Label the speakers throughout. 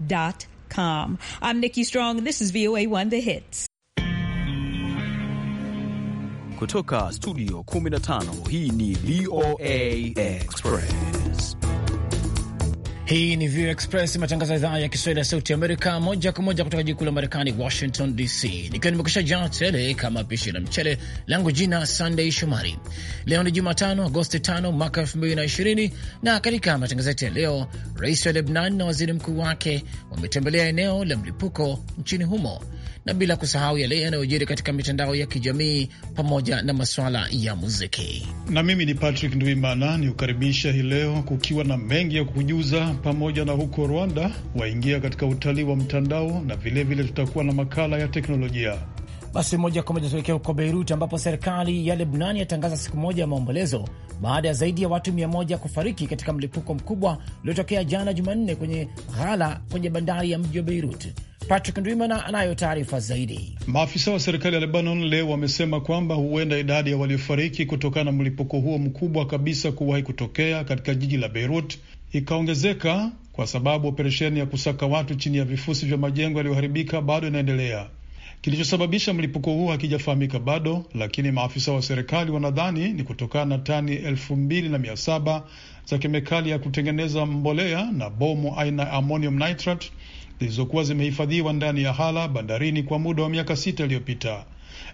Speaker 1: VOAnews.com. I'm Nikki Strong. This is VOA 1 The Hits. Kutoka studio 15 hii ni VOA
Speaker 2: Express.
Speaker 3: Hii ni VOA Express, matangazo ya idhaa ya Kiswahili ya Sauti Amerika, moja kwa moja kutoka jikuu la Marekani, Washington DC, nikiwa nimekusha jaa tele kama pishi la mchele langu. Jina Sandey Shomari. Leo ni Jumatano, Agosti 5 mwaka 2020, na katika matangazo yetu ya leo, rais wa Lebnan na waziri mkuu wake wametembelea eneo la mlipuko nchini humo na bila kusahau yale yanayojiri katika mitandao ya kijamii pamoja na masuala ya muziki.
Speaker 4: Na mimi ni Patrick Ndwimana nikukaribisha hii leo kukiwa na mengi ya kujuza, pamoja na huko Rwanda waingia katika utalii wa mtandao na vilevile vile tutakuwa na makala ya teknolojia. Basi moja
Speaker 3: kwa moja tuelekea huko Beirut ambapo serikali ya Lebnani yatangaza siku moja ya maombolezo baada ya zaidi ya watu mia moja kufariki katika mlipuko mkubwa uliotokea jana Jumanne kwenye ghala kwenye bandari ya mji wa Beirut. Patrick Ndwimana anayo taarifa zaidi.
Speaker 4: Maafisa wa serikali ya Lebanon leo wamesema kwamba huenda idadi ya waliofariki kutokana na mlipuko huo mkubwa kabisa kuwahi kutokea katika jiji la Beirut ikaongezeka kwa sababu operesheni ya kusaka watu chini ya vifusi vya majengo yaliyoharibika bado inaendelea. Kilichosababisha mlipuko huo hakijafahamika bado, lakini maafisa wa serikali wanadhani ni kutokana na tani elfu mbili na mia saba za kemikali ya kutengeneza mbolea na bomu aina ya ammonium nitrate zilizokuwa zimehifadhiwa ndani ya hala bandarini kwa muda wa miaka sita iliyopita.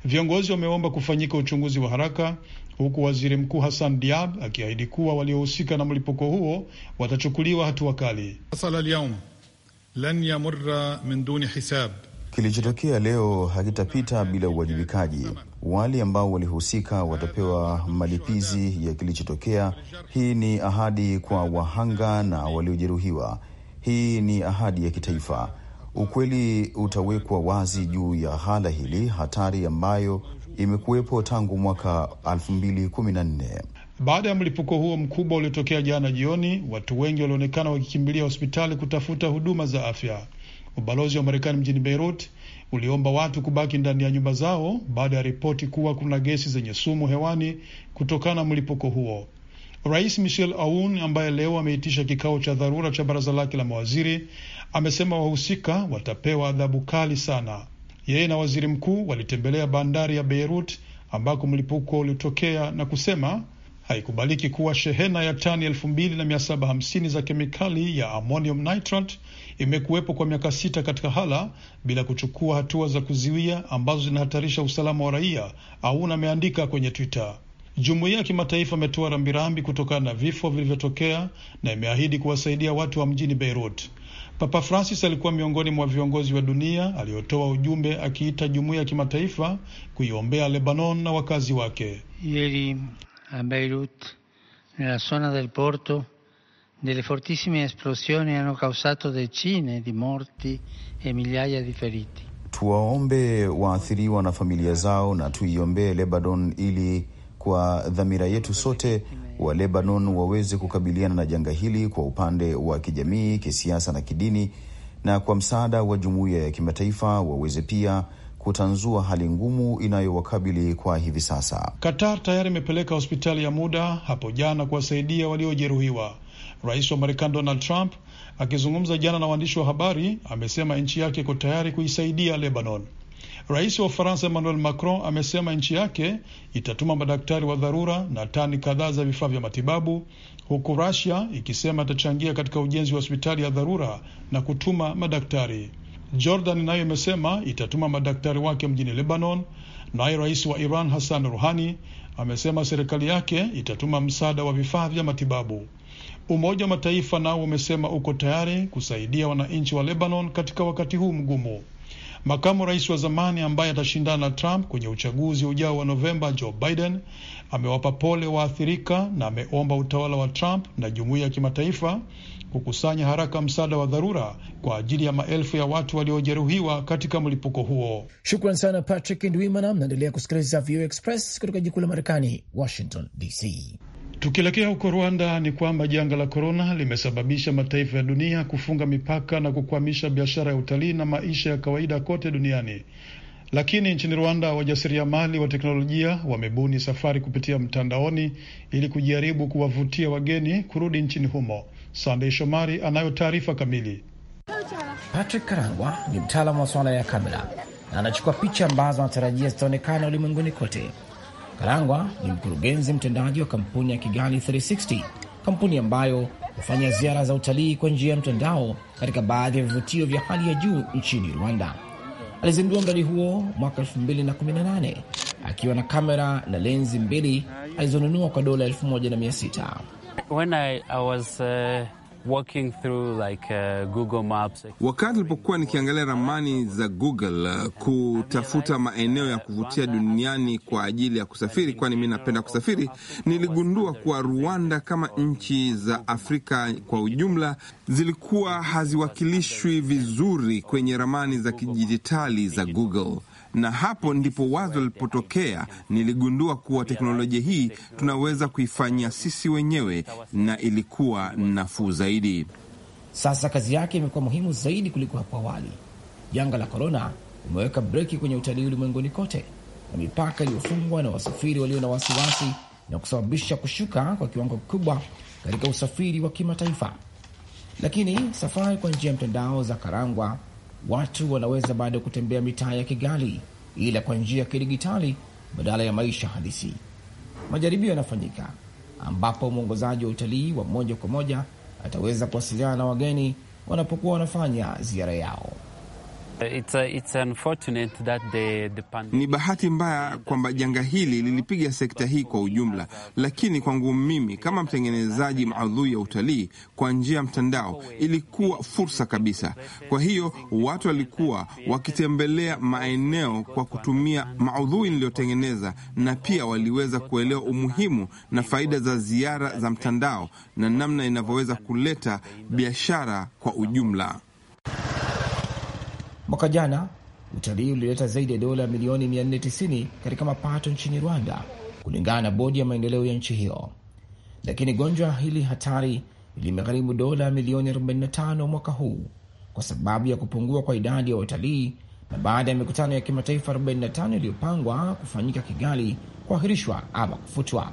Speaker 4: Viongozi wameomba kufanyika uchunguzi wa haraka, huku waziri mkuu Hassan Diab akiahidi kuwa waliohusika na mlipuko huo watachukuliwa hatua kali.
Speaker 1: Lan min duni hisab, kilichotokea leo hakitapita bila uwajibikaji. Wale ambao walihusika watapewa malipizi ya kilichotokea. Hii ni ahadi kwa wahanga na waliojeruhiwa. Hii ni ahadi ya kitaifa. Ukweli utawekwa wazi juu ya hala hili hatari ambayo imekuwepo tangu mwaka 2014.
Speaker 4: Baada ya mlipuko huo mkubwa uliotokea jana jioni, watu wengi walionekana wakikimbilia hospitali kutafuta huduma za afya. Ubalozi wa Marekani mjini Beirut uliomba watu kubaki ndani ya nyumba zao baada ya ripoti kuwa kuna gesi zenye sumu hewani kutokana na mlipuko huo. Rais Michel Aoun ambaye leo ameitisha kikao cha dharura cha baraza lake la mawaziri amesema wahusika watapewa adhabu kali sana. Yeye na waziri mkuu walitembelea bandari ya Beirut ambako mlipuko ulitokea na kusema haikubaliki kuwa shehena ya tani elfu mbili na mia saba hamsini za kemikali ya ammonium nitrate imekuwepo kwa miaka sita katika hala bila kuchukua hatua za kuziwia ambazo zinahatarisha usalama wa raia, Aoun ameandika kwenye Twitter. Jumuiya ya kimataifa imetoa rambirambi kutokana na vifo vilivyotokea na imeahidi kuwasaidia watu wa mjini Beirut. Papa Francis alikuwa miongoni mwa viongozi wa dunia aliyotoa ujumbe akiita jumuiya ya kimataifa kuiombea Lebanon na wakazi wake.
Speaker 5: Ieri a Beirut nella zona del porto delle fortissime esplosioni hanno causato decine
Speaker 3: di morti e migliaia di feriti.
Speaker 1: Tuwaombe waathiriwa na familia zao na tuiombee Lebanon ili kwa dhamira yetu sote wa Lebanon waweze kukabiliana na janga hili kwa upande wa kijamii, kisiasa na kidini, na kwa msaada wa jumuiya ya kimataifa waweze pia kutanzua hali ngumu inayowakabili kwa hivi sasa.
Speaker 4: Qatar tayari imepeleka hospitali ya muda hapo jana kuwasaidia waliojeruhiwa. Rais wa Marekani Donald Trump akizungumza jana na waandishi wa habari amesema nchi yake iko tayari kuisaidia Lebanon. Rais wa Ufaransa Emmanuel Macron amesema nchi yake itatuma madaktari wa dharura na tani kadhaa za vifaa vya matibabu, huku rasia ikisema itachangia katika ujenzi wa hospitali ya dharura na kutuma madaktari. Jordan nayo imesema itatuma madaktari wake mjini Lebanon. Naye rais wa Iran Hassan Ruhani amesema serikali yake itatuma msaada wa vifaa vya matibabu. Umoja wa Mataifa nao umesema uko tayari kusaidia wananchi wa Lebanon katika wakati huu mgumu. Makamu rais wa zamani ambaye atashindana na Trump kwenye uchaguzi ujao wa Novemba, Joe Biden amewapa pole waathirika na ameomba utawala wa Trump na jumuiya ya kimataifa kukusanya haraka msaada wa dharura kwa ajili ya maelfu ya watu waliojeruhiwa katika mlipuko huo. Shukran sana Patrick Ndwimana.
Speaker 3: Mnaendelea kusikiliza VOA Express kutoka jikuu la Marekani, Washington DC.
Speaker 4: Tukielekea huko Rwanda ni kwamba janga la korona limesababisha mataifa ya dunia kufunga mipaka na kukwamisha biashara ya utalii na maisha ya kawaida kote duniani. Lakini nchini Rwanda, wajasiriamali wa teknolojia wamebuni safari kupitia mtandaoni ili kujaribu kuwavutia wageni kurudi nchini humo. sandey Shomari anayo taarifa kamili. Patrick Karangwa ni mtaalamu wa masuala ya kamera na anachukua picha ambazo anatarajia zitaonekana
Speaker 3: ulimwenguni kote. Karangwa ni mkurugenzi mtendaji wa kampuni ya Kigali 360, kampuni ambayo hufanya ziara za utalii kwa njia ya mtandao katika baadhi ya vivutio vya hali ya juu nchini Rwanda. Alizindua mradi huo mwaka 2018 akiwa na kamera na lenzi mbili alizonunua kwa dola 1600.
Speaker 5: Walking through like, uh, Google Maps.
Speaker 2: Wakati nilipokuwa nikiangalia ramani za Google uh, kutafuta maeneo ya kuvutia duniani kwa ajili ya kusafiri, kwani mi napenda kusafiri, niligundua kuwa Rwanda kama nchi za Afrika kwa ujumla zilikuwa haziwakilishwi vizuri kwenye ramani za kidijitali za Google na hapo ndipo wazo lilipotokea. Niligundua kuwa teknolojia hii tunaweza kuifanyia sisi wenyewe, na ilikuwa nafuu zaidi.
Speaker 3: Sasa kazi yake imekuwa muhimu zaidi kuliko hapo awali. Janga la korona umeweka breki kwenye utalii ulimwenguni kote na mipaka iliyofungwa na wasafiri walio na wasiwasi na kusababisha kushuka kwa kiwango kikubwa katika usafiri wa kimataifa. Lakini safari kwa njia ya mtandao za Karangwa watu wanaweza bado kutembea mitaa ya Kigali, ila kwa njia ya kidigitali badala ya maisha halisi. Majaribio yanafanyika ambapo mwongozaji wa utalii wa moja kwa moja ataweza kuwasiliana na wageni wanapokuwa wanafanya
Speaker 2: ziara yao. It's a, it's unfortunate that the, the pandemic... Ni bahati mbaya kwamba janga hili lilipiga sekta hii kwa ujumla, lakini kwangu mimi kama mtengenezaji maudhui ya utalii kwa njia ya mtandao ilikuwa fursa kabisa. Kwa hiyo watu walikuwa wakitembelea maeneo kwa kutumia maudhui niliyotengeneza, na pia waliweza kuelewa umuhimu na faida za ziara za mtandao na namna inavyoweza kuleta biashara kwa ujumla.
Speaker 3: Mwaka jana utalii ulileta zaidi ya dola milioni 490 katika mapato nchini Rwanda, kulingana na bodi ya maendeleo ya nchi hiyo, lakini gonjwa hili hatari limegharimu dola milioni 45 mwaka huu kwa sababu ya kupungua kwa idadi ya watalii na baada ya mikutano ya kimataifa 45 iliyopangwa kufanyika Kigali kuahirishwa ama kufutwa.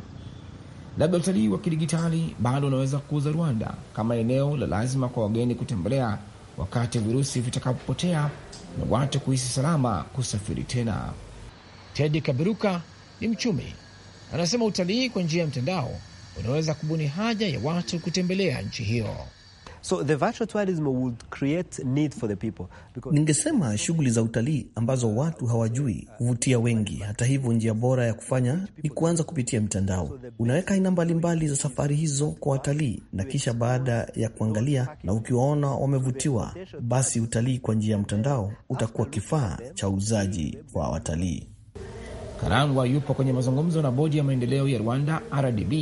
Speaker 3: Labda utalii wa kidigitali bado unaweza kuuza Rwanda kama eneo la lazima kwa wageni kutembelea wakati virusi vitakapopotea na watu kuhisi salama kusafiri tena. Tedi Kabiruka ni mchumi, anasema utalii kwa njia ya mtandao unaweza kubuni haja ya watu kutembelea nchi hiyo.
Speaker 2: So the virtual tourism would create need
Speaker 3: for the people because... Ningesema shughuli za utalii ambazo watu hawajui huvutia wengi. Hata hivyo, njia bora ya kufanya ni kuanza kupitia mtandao. Unaweka aina mbalimbali za safari hizo
Speaker 1: kwa watalii, na kisha baada ya kuangalia na ukiwaona wamevutiwa, basi utalii kwa njia ya mtandao utakuwa kifaa cha uuzaji wa watalii.
Speaker 3: Karangwa yupo kwenye mazungumzo na bodi ya maendeleo ya Rwanda RDB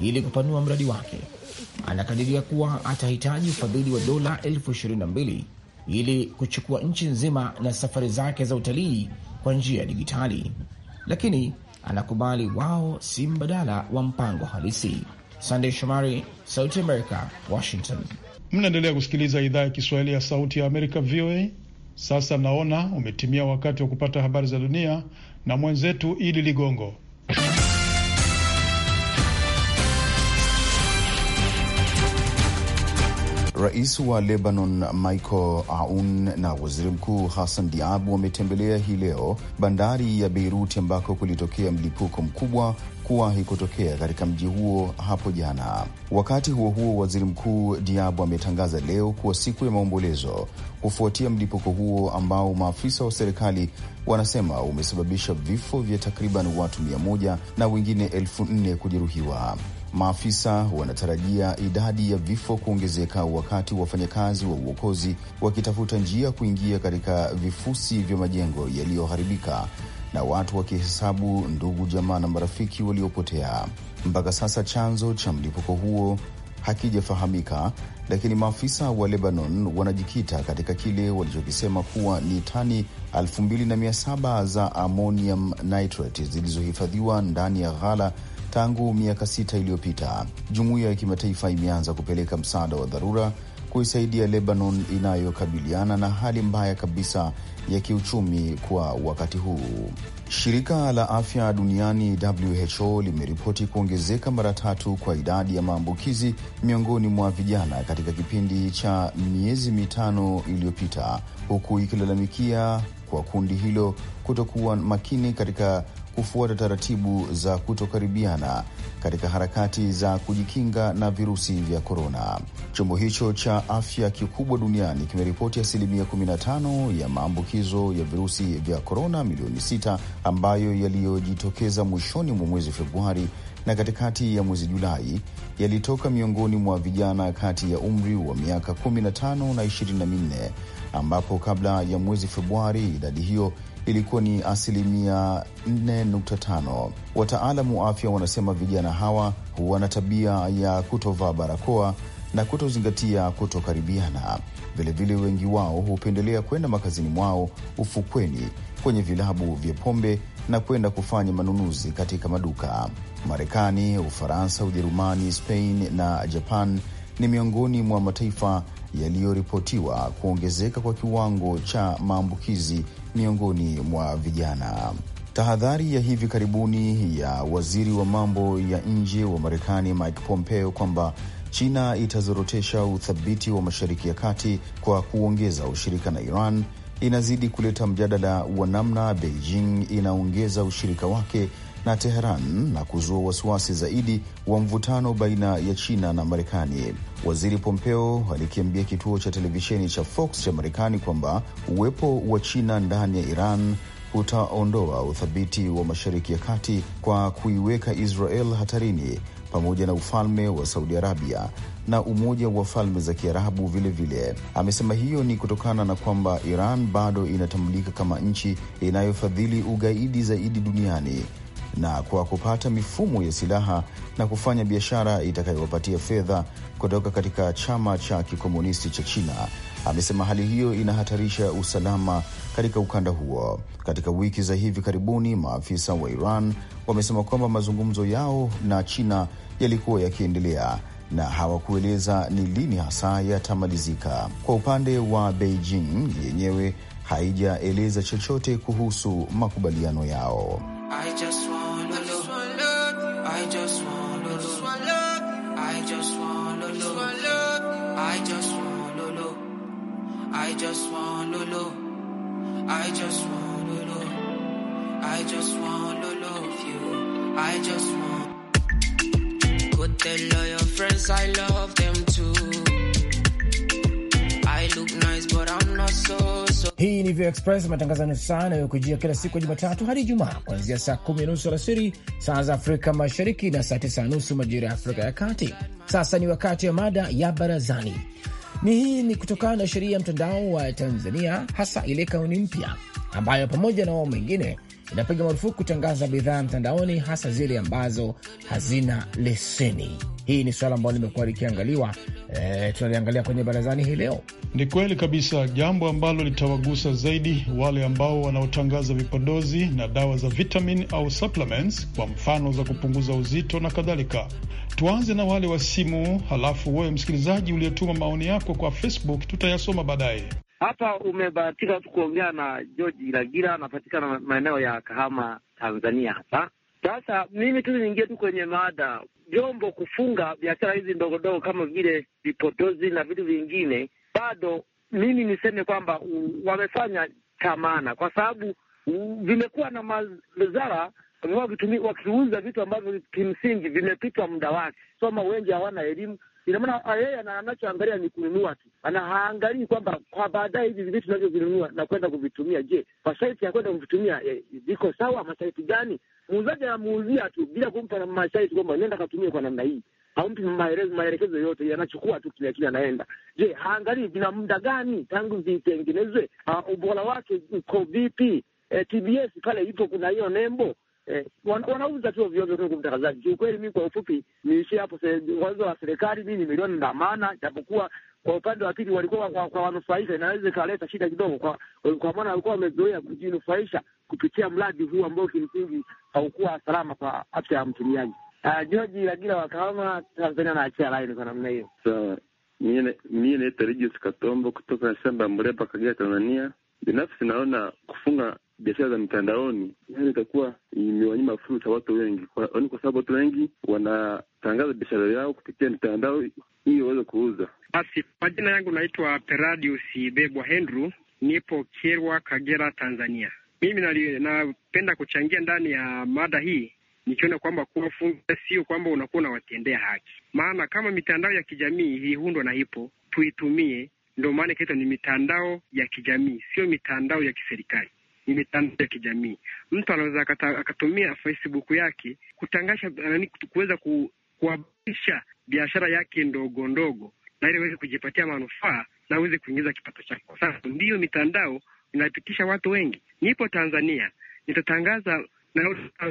Speaker 3: ili kupanua mradi wake anakadiria kuwa atahitaji ufadhili wa dola elfu ishirini na mbili ili kuchukua nchi nzima na safari zake za utalii kwa njia ya digitali, lakini anakubali wao si mbadala wa mpango halisi. Sandey
Speaker 4: Shomari, Sauti America, Washington. Mnaendelea kusikiliza idhaa ya Kiswahili ya Sauti ya Amerika, VOA. Sasa naona umetimia wakati wa kupata habari za dunia na mwenzetu Idi Ligongo.
Speaker 1: Rais wa Lebanon Michael Aoun na waziri mkuu Hassan Diab wametembelea hii leo bandari ya Beiruti ambako kulitokea mlipuko mkubwa kuwahi kutokea katika mji huo hapo jana. Wakati huo huo, waziri mkuu Diab ametangaza leo kuwa siku ya maombolezo kufuatia mlipuko huo ambao maafisa wa serikali wanasema umesababisha vifo vya takriban watu mia moja na wengine elfu nne kujeruhiwa. Maafisa wanatarajia idadi ya vifo kuongezeka wakati wafanyakazi wa uokozi wakitafuta njia kuingia katika vifusi vya majengo yaliyoharibika na watu wakihesabu ndugu, jamaa na marafiki waliopotea. Mpaka sasa chanzo cha mlipuko huo hakijafahamika, lakini maafisa wa Lebanon wanajikita katika kile walichokisema kuwa ni tani 2700 za ammonium nitrate zilizohifadhiwa ndani ya ghala tangu miaka sita iliyopita, jumuiya ya kimataifa imeanza kupeleka msaada wa dharura kuisaidia Lebanon inayokabiliana na hali mbaya kabisa ya kiuchumi kwa wakati huu. Shirika la afya duniani WHO limeripoti kuongezeka mara tatu kwa idadi ya maambukizi miongoni mwa vijana katika kipindi cha miezi mitano iliyopita, huku ikilalamikia kwa kundi hilo kutokuwa makini katika kufuata taratibu za kutokaribiana katika harakati za kujikinga na virusi vya korona. Chombo hicho cha afya kikubwa duniani kimeripoti asilimia 15 ya maambukizo ya virusi vya korona milioni 6 ambayo yaliyojitokeza mwishoni mwa mwezi Februari na katikati ya mwezi Julai yalitoka miongoni mwa vijana kati ya umri wa miaka 15 na 24, ambapo kabla ya mwezi Februari idadi hiyo ilikuwa ni asilimia 4.5. Wataalamu wa afya wanasema vijana hawa wana tabia ya kutovaa barakoa na kutozingatia kutokaribiana. Vilevile wengi wao hupendelea kwenda makazini mwao, ufukweni, kwenye vilabu vya pombe na kwenda kufanya manunuzi katika maduka. Marekani, Ufaransa, Ujerumani, Spain na Japan ni miongoni mwa mataifa yaliyoripotiwa kuongezeka kwa kiwango cha maambukizi miongoni mwa vijana. Tahadhari ya hivi karibuni ya waziri wa mambo ya nje wa Marekani Mike Pompeo kwamba China itazorotesha uthabiti wa Mashariki ya Kati kwa kuongeza ushirika na Iran inazidi kuleta mjadala wa namna Beijing inaongeza ushirika wake na Teheran na kuzua wasiwasi zaidi wa mvutano baina ya China na Marekani. Waziri Pompeo alikiambia kituo cha televisheni cha Fox cha Marekani kwamba uwepo wa China ndani ya Iran hutaondoa uthabiti wa Mashariki ya Kati kwa kuiweka Israel hatarini, pamoja na ufalme wa Saudi Arabia na Umoja wa Falme za Kiarabu vilevile Amesema hiyo ni kutokana na kwamba Iran bado inatambulika kama nchi inayofadhili ugaidi zaidi duniani na kwa kupata mifumo ya silaha na kufanya biashara itakayowapatia fedha kutoka katika chama cha kikomunisti cha China. Amesema hali hiyo inahatarisha usalama katika ukanda huo. Katika wiki za hivi karibuni, maafisa wa Iran wamesema kwamba mazungumzo yao na China yalikuwa yakiendelea na hawakueleza ni lini hasa yatamalizika. Kwa upande wa Beijing yenyewe haijaeleza chochote kuhusu makubaliano yao.
Speaker 3: Express, matangazo ya nusu saa yanayokujia kila siku ya Jumatatu hadi Ijumaa, kuanzia saa kumi na nusu alasiri saa za Afrika Mashariki na saa tisa na nusu majira ya Afrika ya Kati. Sasa ni wakati wa mada ya barazani. Ni hii ni kutokana na sheria ya mtandao wa Tanzania, hasa ile kauni mpya ambayo pamoja na wao mengine inapiga marufuku kutangaza bidhaa mtandaoni, hasa zile ambazo hazina leseni. Hii ni suala ambalo limekuwa likiangaliwa, e, tunaliangalia kwenye barazani hii leo.
Speaker 4: Ni kweli kabisa, jambo ambalo litawagusa zaidi wale ambao wanaotangaza vipodozi na dawa za vitamin au supplements, kwa mfano za kupunguza uzito na kadhalika. Tuanze na wale wa simu, halafu wewe msikilizaji uliyetuma maoni yako kwa Facebook tutayasoma baadaye.
Speaker 6: Hapa umebahatika tu kuongea na George Ilagira, anapatikana maeneo ya Kahama, Tanzania. Hapa sasa mimi tu niingie tu kwenye mada vyombo kufunga biashara hizi ndogo ndogo kama vile vipodozi na vitu vingine, bado mimi niseme kwamba wamefanya tamana kwa sababu vimekuwa na madhara wakiuza vitu ambavyo kimsingi vimepitwa muda wake. Soma, wengi hawana elimu, Ina maana ah, yeye anachoangalia ni kununua tu, ana haangalii kwamba kwa baadaye hivi vitu tunavyovinunua na kwenda kuvitumia, je, saiti ya kwenda kuvitumia eh, viko sawa? Masaiti gani? Muuzaji anamuuzia tu bila kumpa masaiti kwamba nenda katumie kwa namna hii hampi maelekezo yote, yanachukua tu kile kile, anaenda. Je, haangalii vina muda gani tangu vitengenezwe, ah, ubora wake uko vipi? E, eh, TBS pale ipo, kuna hiyo nembo eh, wanauza tu ovyo ovyo tu, mtangazaji. Kiukweli mimi kwa ufupi niishie hapo. Wazo wa serikali mimi nimeliona ndio maana, japokuwa kwa upande wa pili walikuwa kwa, kwa wanufaisha, inaweza ikaleta shida kidogo, kwa kwa maana walikuwa wamezoea kujinufaisha kupitia mradi huu ambao kimsingi haukuwa salama kwa afya ya mtumiaji. Joji ah, Lagila wa Kahama, Tanzania, naachia laini kwa namna hiyo.
Speaker 7: Sawa, naitwa Regius Katombo kutoka shamba ya Mreba, Kagera, Tanzania. Binafsi naona kufunga biashara za mitandaoni, yani itakuwa imewanyima fursa watu wengi, kwani kwa sababu watu wengi wanatangaza biashara yao kupitia mitandao hii waweze kuuza. Basi majina yangu naitwa Peradius Bebwa Hendru, nipo Kyerwa, Kagera, Tanzania. Mimi napenda kuchangia ndani ya mada hii nikiona kwamba kuwafunga sio kwamba unakuwa unawatendea haki, maana kama mitandao ya kijamii iliundwa na ipo, tuitumie. Ndio maana ikaitwa ni mitandao ya kijamii, sio mitandao ya kiserikali ni mitandao ya kijamii. Mtu anaweza akatumia Facebook yake kutangaza nani, kuweza ku, kuhabarisha biashara yake ndogo ndogo, na ili aweze kujipatia manufaa na aweze kuingiza kipato chake, kwa sababu ndiyo mitandao inapitisha watu wengi. Nipo Tanzania, nitatangaza na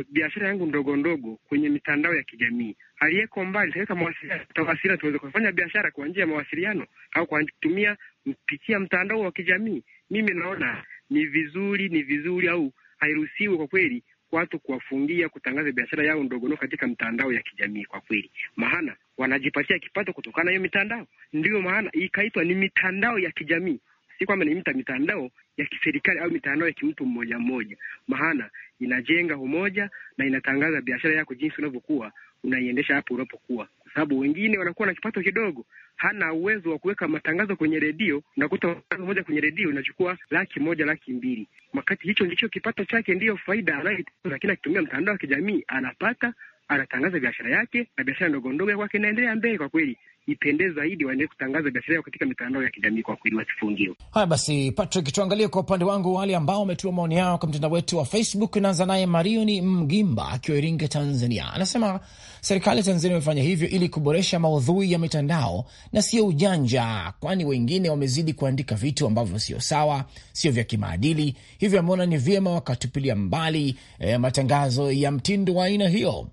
Speaker 7: biashara yangu ndogo ndogo kwenye mitandao ya kijamii. Aliyeko mbali tutaweka mawasiliano, tutawasiliana, tuweze kufanya biashara kwa njia ya mawasiliano au kwa kutumia kupitia mtandao wa kijamii. Mimi naona ni vizuri, ni vizuri au hairuhusiwi kwa kweli watu kuwafungia kutangaza biashara yao ndogo ndogo katika mtandao ya kijamii kwa kweli, maana wanajipatia kipato kutokana na hiyo mitandao. Ndiyo maana ikaitwa ni mitandao ya kijamii, si kwamba ni mta mitandao ya kiserikali au mitandao ya kimtu mmoja mmoja, maana inajenga umoja na inatangaza biashara yako jinsi unavyokuwa unaiendesha hapo unapokuwa kwa sababu wengine wanakuwa na kipato kidogo, hana uwezo wa kuweka matangazo kwenye redio. Unakuta matangazo moja kwenye redio inachukua laki moja, laki mbili, wakati hicho ndicho kipato chake, ndiyo faida anayoipata. Lakini akitumia mtandao wa kijamii anapata anatangaza biashara yake na biashara ndogo ndogo ya kwake inaendelea mbele. Kwa kweli ipendeze zaidi waendelee kutangaza biashara yao katika mitandao ya kijamii, kwa kweli wasifungiwe.
Speaker 8: Haya basi,
Speaker 3: Patrick, tuangalie kwa upande wangu wale ambao wametua maoni yao kwa mtandao wetu wa Facebook. Naanza naye Marioni Mgimba akiwa Iringa, Tanzania, anasema serikali ya Tanzania imefanya hivyo ili kuboresha maudhui ya mitandao na sio ujanja, kwani wengine wamezidi kuandika vitu ambavyo sio sawa, sio vya kimaadili. Hivyo ameona ni vyema wakatupilia mbali eh, matangazo ya mtindo wa aina hiyo.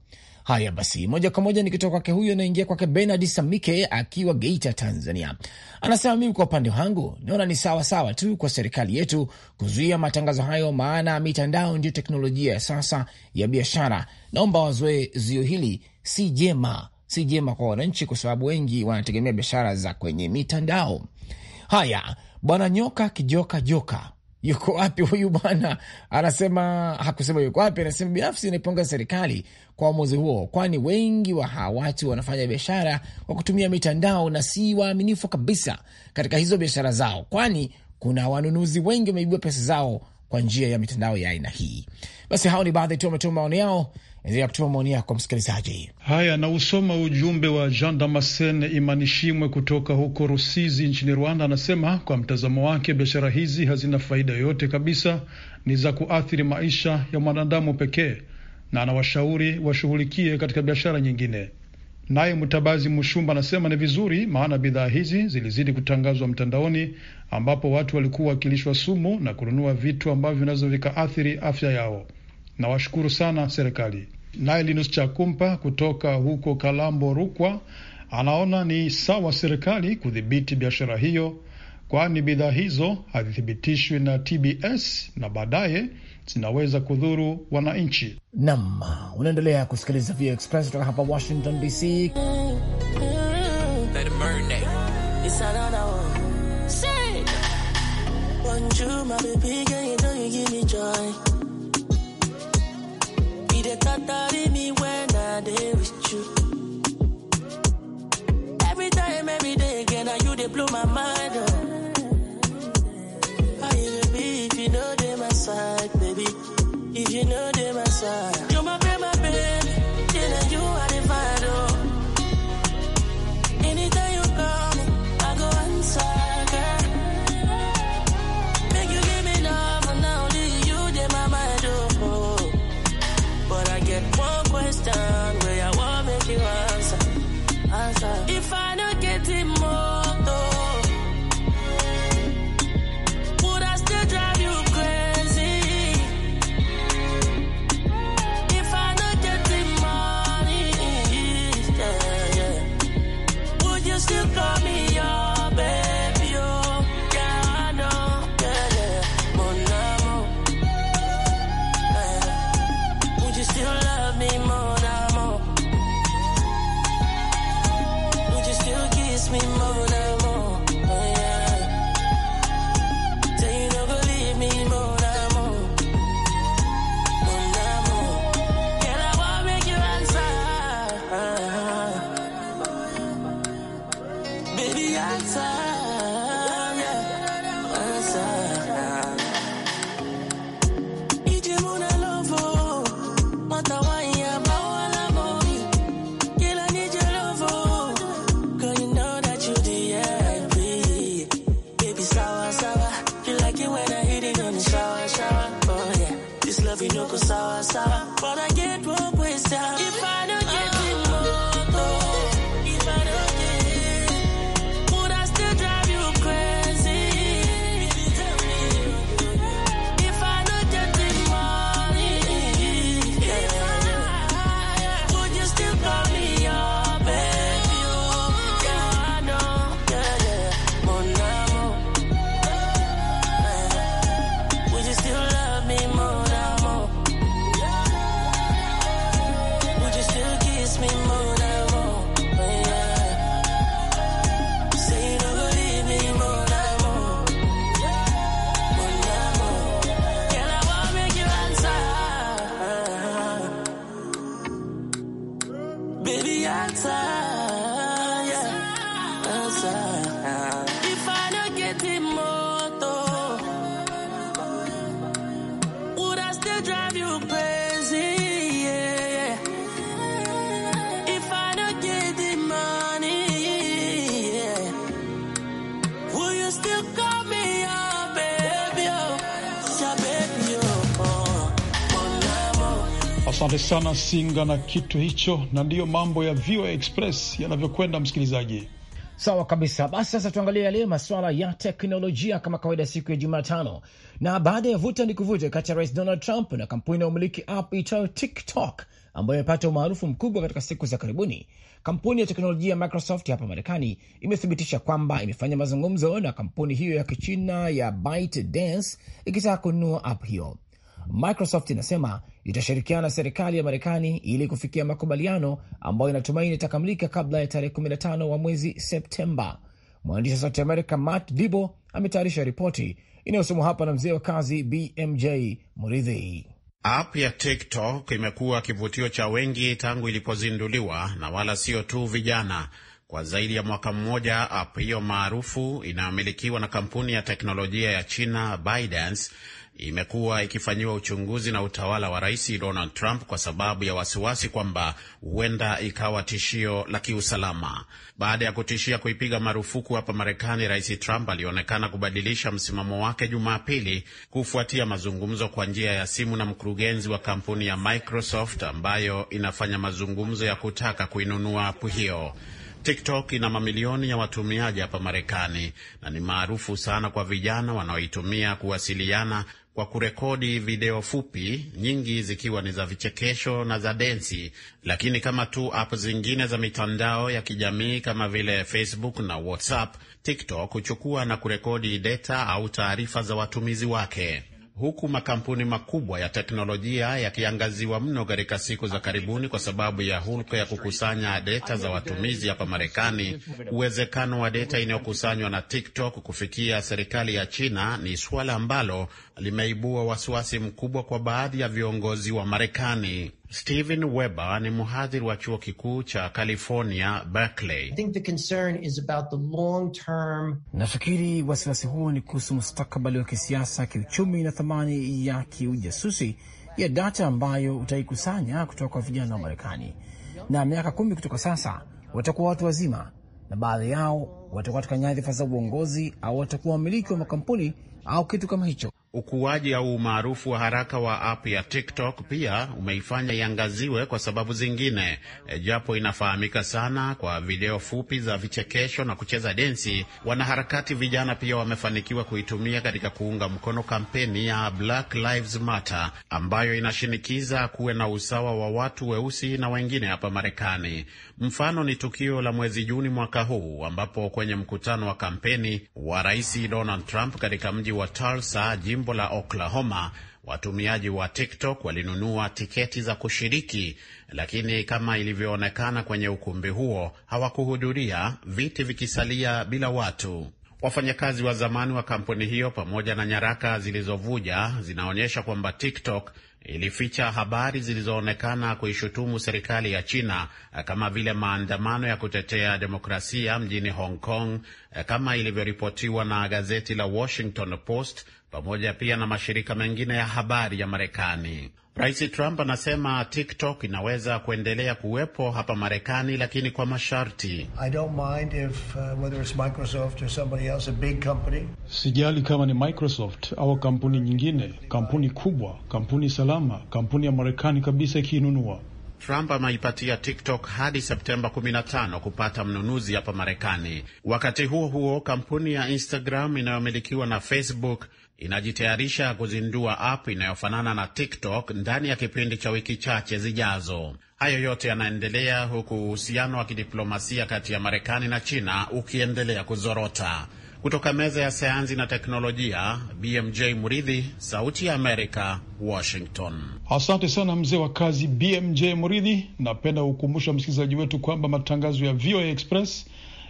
Speaker 3: Haya basi, moja kwa moja nikitoka kwake huyo naingia kwake Benard Samike akiwa Geita, Tanzania. Anasema mimi kwa upande wangu naona ni sawa sawa tu kwa serikali yetu kuzuia matangazo hayo, maana mitandao ndiyo teknolojia ya sasa ya biashara. Naomba wazoe zuio hili, si jema, si jema kwa wananchi, kwa sababu wengi wanategemea biashara za kwenye mitandao. Haya, Bwana Nyoka Kijoka Joka yuko wapi huyu bwana? Anasema hakusema yuko wapi, anasema binafsi inaipongeza serikali kwa uamuzi huo, kwani wengi wa hawa watu wanafanya biashara kwa kutumia mitandao na si waaminifu kabisa katika hizo biashara zao, kwani kuna wanunuzi wengi wameibiwa pesa zao kwa njia ya mitandao ya aina hii. Basi hao ni baadhi tu wametoa maoni yao. Endelea kutuma maoni yako msikilizaji.
Speaker 4: Haya, nausoma ujumbe wa Jean Damasen Imanishimwe kutoka huko Rusizi nchini Rwanda. Anasema kwa mtazamo wake biashara hizi hazina faida yoyote kabisa, ni za kuathiri maisha ya mwanadamu pekee, na anawashauri washughulikie katika biashara nyingine. Naye Mtabazi Mushumba anasema ni vizuri, maana bidhaa hizi zilizidi kutangazwa mtandaoni, ambapo watu walikuwa wakilishwa sumu na kununua vitu ambavyo vinaweza vikaathiri afya yao. Nawashukuru sana serikali. Naye Linus Chakumpa kutoka huko Kalambo, Rukwa, anaona ni sawa serikali kudhibiti biashara hiyo, kwani bidhaa hizo hazithibitishwi na TBS na baadaye zinaweza kudhuru wananchi. Nam, unaendelea kusikiliza VOA Express kutoka hapa Washington DC.
Speaker 8: you. Every time, every day again, now you they blow my mind oh. How you be if you know they my side, baby? If you know they my side.
Speaker 4: Asante sana Singa na kitu hicho, na ndiyo mambo ya VOA Express yanavyokwenda, msikilizaji.
Speaker 3: Sawa kabisa. Basi sasa tuangalie yale masuala ya teknolojia kama kawaida, siku ya Jumatano. Na baada ya vuta ni kuvuta kati ya Rais Donald Trump na kampuni umiliki app itayo TikTok ambayo imepata umaarufu mkubwa katika siku za karibuni, kampuni ya teknolojia ya Microsoft hapa Marekani imethibitisha kwamba imefanya mazungumzo na kampuni hiyo ya Kichina ya ByteDance ikitaka kununua app hiyo. Microsoft inasema itashirikiana na serikali ya Marekani ili kufikia makubaliano ambayo inatumaini itakamilika kabla ya tarehe 15 wa mwezi Septemba. Mwandishi wa Sauti Amerika Matt Dibo ametayarisha ripoti inayosomwa hapa na mzee wa kazi BMJ Muridhi.
Speaker 5: App ya TikTok imekuwa kivutio cha wengi tangu ilipozinduliwa, na wala sio tu vijana. Kwa zaidi ya mwaka mmoja, app hiyo maarufu inayomilikiwa na kampuni ya teknolojia ya China ByteDance imekuwa ikifanyiwa uchunguzi na utawala wa Rais Donald Trump kwa sababu ya wasiwasi kwamba huenda ikawa tishio la kiusalama. Baada ya kutishia kuipiga marufuku hapa Marekani, Rais Trump alionekana kubadilisha msimamo wake Jumapili kufuatia mazungumzo kwa njia ya simu na mkurugenzi wa kampuni ya Microsoft ambayo inafanya mazungumzo ya kutaka kuinunua apu hiyo. TikTok ina mamilioni ya watumiaji hapa Marekani na ni maarufu sana kwa vijana wanaoitumia kuwasiliana kwa kurekodi video fupi, nyingi zikiwa ni za vichekesho na za densi, lakini kama tu app zingine za mitandao ya kijamii kama vile Facebook na WhatsApp, TikTok huchukua na kurekodi data au taarifa za watumizi wake huku makampuni makubwa ya teknolojia yakiangaziwa mno katika siku za karibuni kwa sababu ya hulka ya kukusanya data za watumizi hapa Marekani. Uwezekano wa data inayokusanywa na TikTok kufikia serikali ya China ni suala ambalo limeibua wasiwasi mkubwa kwa baadhi ya viongozi wa Marekani. Steven Weber ni mhadhiri wa chuo kikuu cha California Berkeley.
Speaker 3: Nafikiri wasiwasi huo ni kuhusu mustakabali wa kisiasa, kiuchumi na thamani ya kiujasusi ya data ambayo utaikusanya kutoka kwa vijana wa Marekani. Na miaka kumi kutoka sasa watakuwa watu wazima, na baadhi yao watakuwa katika nyadhifa za uongozi au watakuwa wamiliki wa makampuni au kitu kama hicho.
Speaker 5: Ukuaji au umaarufu wa haraka wa app ya TikTok pia umeifanya iangaziwe kwa sababu zingine, e, japo inafahamika sana kwa video fupi za vichekesho na kucheza densi. Wanaharakati vijana pia wamefanikiwa kuitumia katika kuunga mkono kampeni ya Black Lives Matter ambayo inashinikiza kuwe na usawa wa watu weusi na wengine hapa Marekani. Mfano ni tukio la mwezi Juni mwaka huu ambapo kwenye mkutano wa kampeni wa Rais Donald Trump katika mji wa Tulsa, jimbo jimbo la Oklahoma, watumiaji wa TikTok walinunua tiketi za kushiriki, lakini kama ilivyoonekana kwenye ukumbi huo, hawakuhudhuria, viti vikisalia bila watu. Wafanyakazi wa zamani wa kampuni hiyo pamoja na nyaraka zilizovuja zinaonyesha kwamba TikTok ilificha habari zilizoonekana kuishutumu serikali ya China kama vile maandamano ya kutetea demokrasia mjini Hong Kong kama ilivyoripotiwa na gazeti la Washington Post pamoja pia na mashirika mengine ya habari ya Marekani. Rais Trump anasema TikTok inaweza kuendelea kuwepo hapa Marekani, lakini kwa masharti.
Speaker 4: Sijali kama ni Microsoft au kampuni nyingine, kampuni kubwa, kampuni salama, kampuni ya Marekani kabisa
Speaker 5: ikiinunua. Trump ameipatia TikTok hadi Septemba 15 kupata mnunuzi hapa Marekani. Wakati huo huo, kampuni ya Instagram inayomilikiwa na Facebook inajitayarisha kuzindua app inayofanana na TikTok ndani ya kipindi cha wiki chache zijazo. Hayo yote yanaendelea huku uhusiano wa kidiplomasia kati ya Marekani na China ukiendelea kuzorota. Kutoka meza ya sayansi na teknolojia, BMJ Muridhi, Sauti ya Amerika, Washington.
Speaker 4: Asante sana mzee wa kazi BMJ Muridhi. Napenda kukumbusha msikilizaji wetu kwamba matangazo ya VOA Express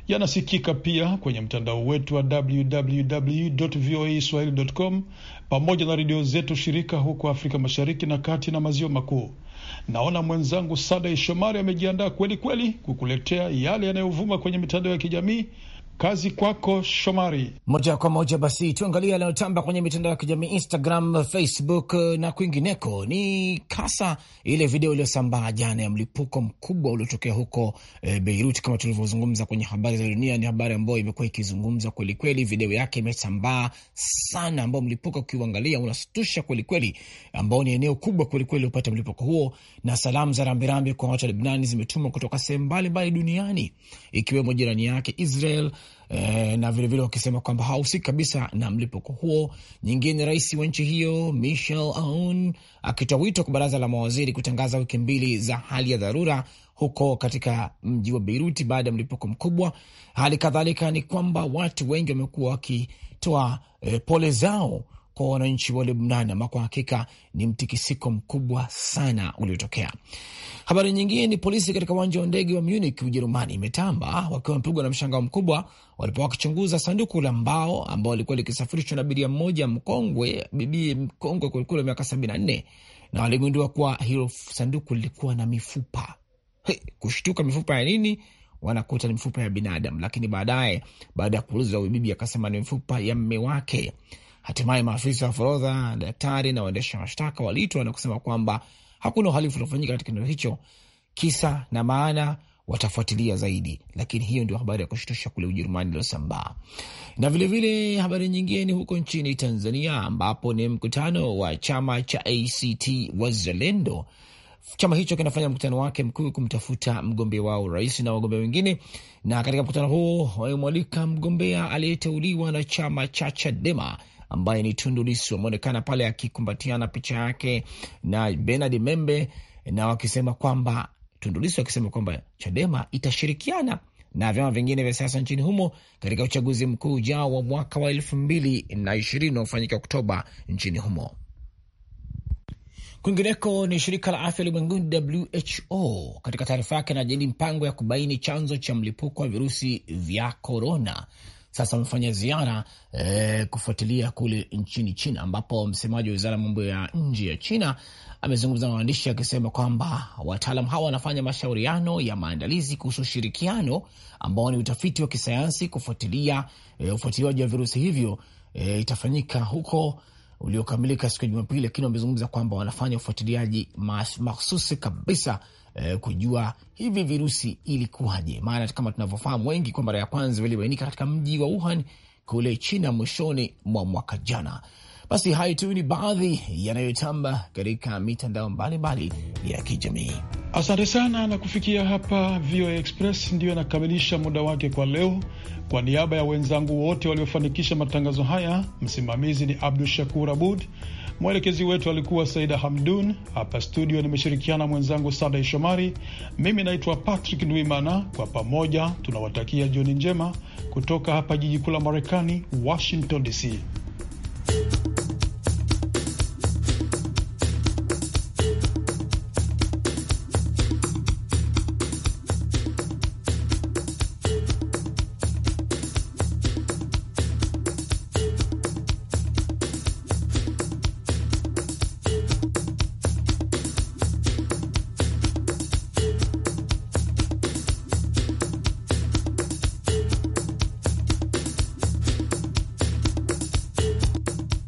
Speaker 4: yanasikika pia kwenye mtandao wetu wa www www.voaswahili.com pamoja na redio zetu shirika huko Afrika Mashariki na kati na maziwa makuu. Naona mwenzangu Sadai Shomari amejiandaa kweli kweli kukuletea yale yanayovuma kwenye mitandao ya kijamii. Kazi kwako Shomari. Moja kwa moja basi tuangalie yanayotamba
Speaker 3: kwenye mitandao ya kijamii Instagram, Facebook na kwingineko. Ni kasa ile video iliyosambaa jana ya mlipuko mkubwa uliotokea huko e, Beirut. Kama tulivyozungumza kwenye habari za dunia, ni habari ambayo imekuwa ikizungumza kwelikweli. Video yake imesambaa sana, ambao mlipuko ukiuangalia unastusha kwelikweli, ambao ni eneo kubwa kwelikweli upata mlipuko huo, na salamu za rambirambi kwa watu wa Lebnani zimetumwa kutoka sehemu mbalimbali duniani ikiwemo jirani yake Israel e, na vilevile wakisema kwamba hawahusiki kabisa na mlipuko huo. Nyingine, rais wa nchi hiyo Michel Aoun akitoa wito kwa baraza la mawaziri kutangaza wiki mbili za hali ya dharura huko katika mji wa Beiruti baada ya mlipuko mkubwa. Hali kadhalika ni kwamba watu wengi wamekuwa wakitoa e, pole zao kwa wananchi wa Lebnan, ama kwa hakika ni mtikisiko mkubwa sana uliotokea. Habari nyingine ni polisi katika uwanja wa ndege wa Munich, Ujerumani, imetamba wakiwa wamepigwa na mshangao mkubwa walipokuwa wakichunguza sanduku la mbao ambao walikuwa likisafirishwa na abiria mmoja mkongwe, bibi mkongwe kwelikweli wa miaka sabini na nne, na waligundua kuwa hilo sanduku lilikuwa na mifupa. Hey, kushtuka! Mifupa ya nini? Wanakuta ni mifupa ya binadamu, lakini baadaye, baada ya kuuliza, bibi akasema ni mifupa ya mme wake. Hatimaye maafisa wa forodha, daktari na waendesha mashtaka waliitwa na kusema kwamba hakuna uhalifu uliofanyika katika kitendo hicho. Kisa na maana watafuatilia zaidi, lakini hiyo ndio habari ya kushtusha kule Ujerumani iliyosambaa. Na vilevile habari nyingine ni huko nchini Tanzania, ambapo ni mkutano wa chama cha ACT Wazalendo. Chama hicho kinafanya mkutano wake mkuu kumtafuta mgombea wao rais na wagombea wengine, na katika mkutano huo wamemwalika mgombea aliyeteuliwa na chama cha Chadema ambaye ni Tundu Lissu ameonekana pale akikumbatiana picha yake na Bernard Membe na wakisema kwamba Tundu Lissu akisema kwamba Chadema itashirikiana na vyama vingine vya siasa nchini humo katika uchaguzi mkuu ujao wa mwaka wa elfu mbili na ishirini unaofanyika Oktoba nchini humo. Kwingineko ni shirika la afya ulimwenguni WHO katika taarifa yake inajadili mpango ya kubaini chanzo cha mlipuko wa virusi vya korona sasa wamefanya ziara e, kufuatilia kule nchini China, ambapo msemaji wa wizara ya mambo ya nje ya China amezungumza na waandishi akisema kwamba wataalam hawa wanafanya mashauriano ya maandalizi kuhusu ushirikiano ambao ni utafiti wa kisayansi kufuatilia e, ufuatiliaji wa virusi hivyo e, itafanyika huko uliokamilika siku ya Jumapili, lakini wamezungumza kwamba wanafanya ufuatiliaji makhususi kabisa eh, kujua hivi virusi ilikuwaje. Maana kama tunavyofahamu wengi, kwa mara ya kwanza vilibainika katika mji wa Wuhan kule China mwishoni mwa mwaka jana. Basi hayo tu ni baadhi yanayotamba katika mitandao mbalimbali ya kijamii.
Speaker 4: Asante sana, na kufikia hapa VOA Express ndiyo inakamilisha muda wake kwa leo. Kwa niaba ya wenzangu wote waliofanikisha matangazo haya, msimamizi ni Abdu Shakur Abud, mwelekezi wetu alikuwa Saida Hamdun. Hapa studio nimeshirikiana mwenzangu Sadai Shomari. Mimi naitwa Patrick Ndwimana. Kwa pamoja tunawatakia jioni njema kutoka hapa jiji kuu la Marekani, Washington DC.